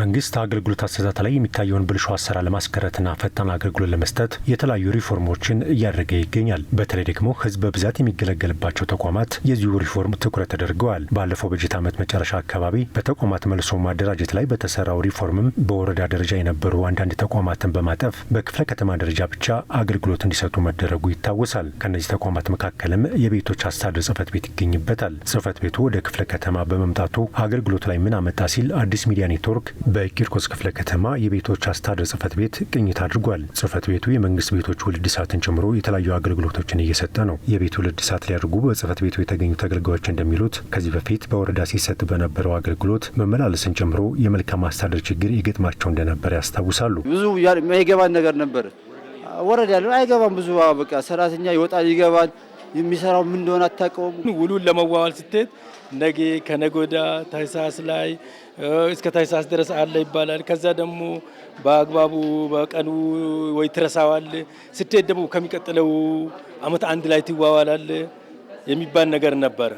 መንግስት አገልግሎት አሰጣጥ ላይ የሚታየውን ብልሹ አሰራር ለማስቀረትና ፈጣን አገልግሎት ለመስጠት የተለያዩ ሪፎርሞችን እያደረገ ይገኛል። በተለይ ደግሞ ህዝብ በብዛት የሚገለገልባቸው ተቋማት የዚሁ ሪፎርም ትኩረት ተደርገዋል። ባለፈው በጀት ዓመት መጨረሻ አካባቢ በተቋማት መልሶ ማደራጀት ላይ በተሰራው ሪፎርምም በወረዳ ደረጃ የነበሩ አንዳንድ ተቋማትን በማጠፍ በክፍለ ከተማ ደረጃ ብቻ አገልግሎት እንዲሰጡ መደረጉ ይታወሳል። ከእነዚህ ተቋማት መካከልም የቤቶች አስተዳደር ጽህፈት ቤት ይገኝበታል። ጽህፈት ቤቱ ወደ ክፍለ ከተማ በመምጣቱ አገልግሎት ላይ ምን አመጣ ሲል አዲስ ሚዲያ ኔትወርክ በቂርቆስ ክፍለ ከተማ የቤቶች አስተዳደር ጽህፈት ቤት ቅኝት አድርጓል። ጽህፈት ቤቱ የመንግስት ቤቶች ውልድ ሰዓትን ጨምሮ የተለያዩ አገልግሎቶችን እየሰጠ ነው። የቤት ውልድ ሰዓት ሊያደርጉ በጽህፈት ቤቱ የተገኙት ተገልጋዮች እንደሚሉት ከዚህ በፊት በወረዳ ሲሰጥ በነበረው አገልግሎት መመላለስን ጨምሮ የመልካም አስተዳደር ችግር የገጥማቸው እንደነበር ያስታውሳሉ። ብዙ የማይገባን ነገር ነበር። ወረዳ አይገባም። ብዙ በቃ ሰራተኛ ይወጣል ይገባል የሚሰራው ምን እንደሆነ አታውቀውም። ውሉን ለመዋዋል ስትሄድ ነገ ከነጎዳ ታህሳስ ላይ እስከ ታህሳስ ድረስ አለ ይባላል። ከዛ ደግሞ በአግባቡ በቀኑ ወይ ትረሳዋል። ስትሄድ ደግሞ ከሚቀጥለው አመት አንድ ላይ ትዋዋላል የሚባል ነገር ነበር።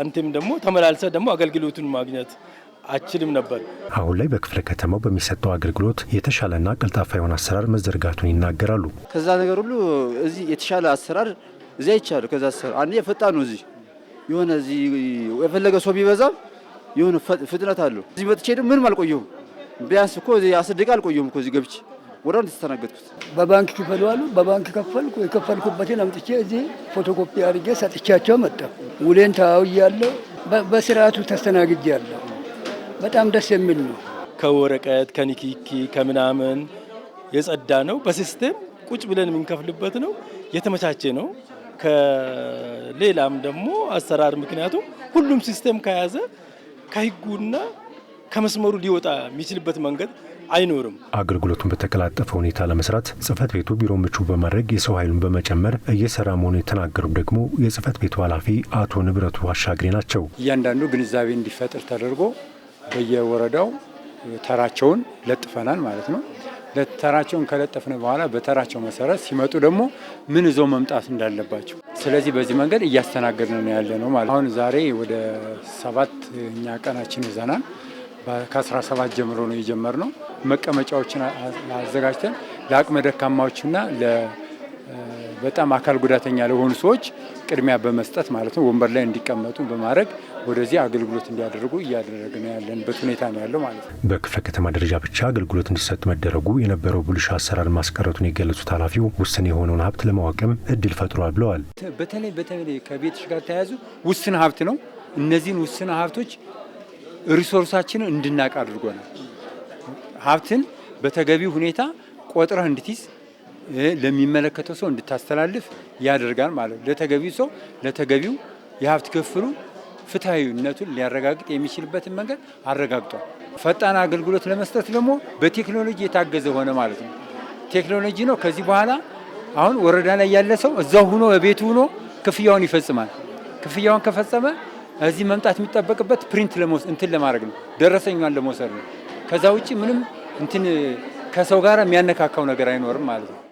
አንተም ደግሞ ተመላልሰ ደግሞ አገልግሎቱን ማግኘት አችልም ነበር። አሁን ላይ በክፍለ ከተማው በሚሰጠው አገልግሎት የተሻለና ቀልጣፋ የሆነ አሰራር መዘርጋቱን ይናገራሉ። ከዛ ነገር ሁሉ እዚህ የተሻለ አሰራር እዚህ አይቻለሁ። ከዛ ሰር አንዴ ፈጣ ነው እዚህ የሆነ እዚህ የፈለገ ሰው ቢበዛም የሆነ ፍጥነት አለው። እዚህ መጥቼ ደግሞ ምንም አልቆየሁም። ቢያንስ እኮ እዚህ አስር ደቂቃ አልቆየሁም እኮ እዚህ ገብቼ ወደ አንድ ተስተናገድኩት። በባንክ ክፈሉ አሉ። በባንክ ከፈልኩ። የከፈልኩበትን አምጥቼ እዚህ ፎቶኮፒ አድርጌ ሰጥቻቸው መጣ። ውሌን ታውያለሁ። በስርዓቱ ተስተናግጃለሁ። በጣም ደስ የሚል ነው። ከወረቀት ከኒኪኪ ከምናምን የጸዳ ነው። በሲስቴም ቁጭ ብለን የምንከፍልበት ነው። የተመቻቸ ነው። ከሌላም ደግሞ አሰራር ምክንያቱም ሁሉም ሲስተም ከያዘ ከህጉና ከመስመሩ ሊወጣ የሚችልበት መንገድ አይኖርም። አገልግሎቱን በተቀላጠፈ ሁኔታ ለመስራት ጽህፈት ቤቱ ቢሮ ምቹ በማድረግ የሰው ኃይሉን በመጨመር እየሰራ መሆኑ የተናገሩት ደግሞ የጽህፈት ቤቱ ኃላፊ አቶ ንብረቱ አሻግሬ ናቸው። እያንዳንዱ ግንዛቤ እንዲፈጥር ተደርጎ በየወረዳው ተራቸውን ለጥፈናል ማለት ነው። ተራቸውን ከለጠፍን በኋላ በተራቸው መሰረት ሲመጡ ደግሞ ምን ይዞ መምጣት እንዳለባቸው፣ ስለዚህ በዚህ መንገድ እያስተናገድን ነው ያለ ነው ማለት። አሁን ዛሬ ወደ ሰባት እኛ ቀናችን ይዘናል። ከ17 ጀምሮ ነው የጀመርነው። መቀመጫዎችን አዘጋጅተን ለአቅመ ደካማዎችና በጣም አካል ጉዳተኛ ለሆኑ ሰዎች ቅድሚያ በመስጠት ማለት ነው ወንበር ላይ እንዲቀመጡ በማድረግ ወደዚህ አገልግሎት እንዲያደርጉ እያደረግ ነው ያለንበት ሁኔታ ነው ያለው ማለት ነው። በክፍለ ከተማ ደረጃ ብቻ አገልግሎት እንዲሰጥ መደረጉ የነበረው ብልሹ አሰራር ማስቀረቱን የገለጹት ኃላፊው ውስን የሆነውን ሀብት ለማዋቀም እድል ፈጥሯል ብለዋል። በተለይ በተለይ ከቤቶች ጋር ተያያዙ ውስን ሀብት ነው። እነዚህን ውስን ሀብቶች ሪሶርሳችንን እንድናቅ ነው ሀብትን በተገቢ ሁኔታ ቆጥረህ እንድትይዝ ለሚመለከተው ሰው እንድታስተላልፍ ያደርጋል ማለት ነው። ለተገቢው ሰው ለተገቢው የሀብት ክፍሉ ፍትሐዊነቱን ሊያረጋግጥ የሚችልበትን መንገድ አረጋግጧል። ፈጣን አገልግሎት ለመስጠት ደግሞ በቴክኖሎጂ የታገዘ ሆነ ማለት ነው። ቴክኖሎጂ ነው። ከዚህ በኋላ አሁን ወረዳ ላይ ያለ ሰው እዛው ሁኖ በቤቱ ሁኖ ክፍያውን ይፈጽማል። ክፍያውን ከፈጸመ እዚህ መምጣት የሚጠበቅበት ፕሪንት እንትን ለማድረግ ነው፣ ደረሰኛን ለመውሰድ ነው። ከዛ ውጭ ምንም እንትን ከሰው ጋር የሚያነካካው ነገር አይኖርም ማለት ነው።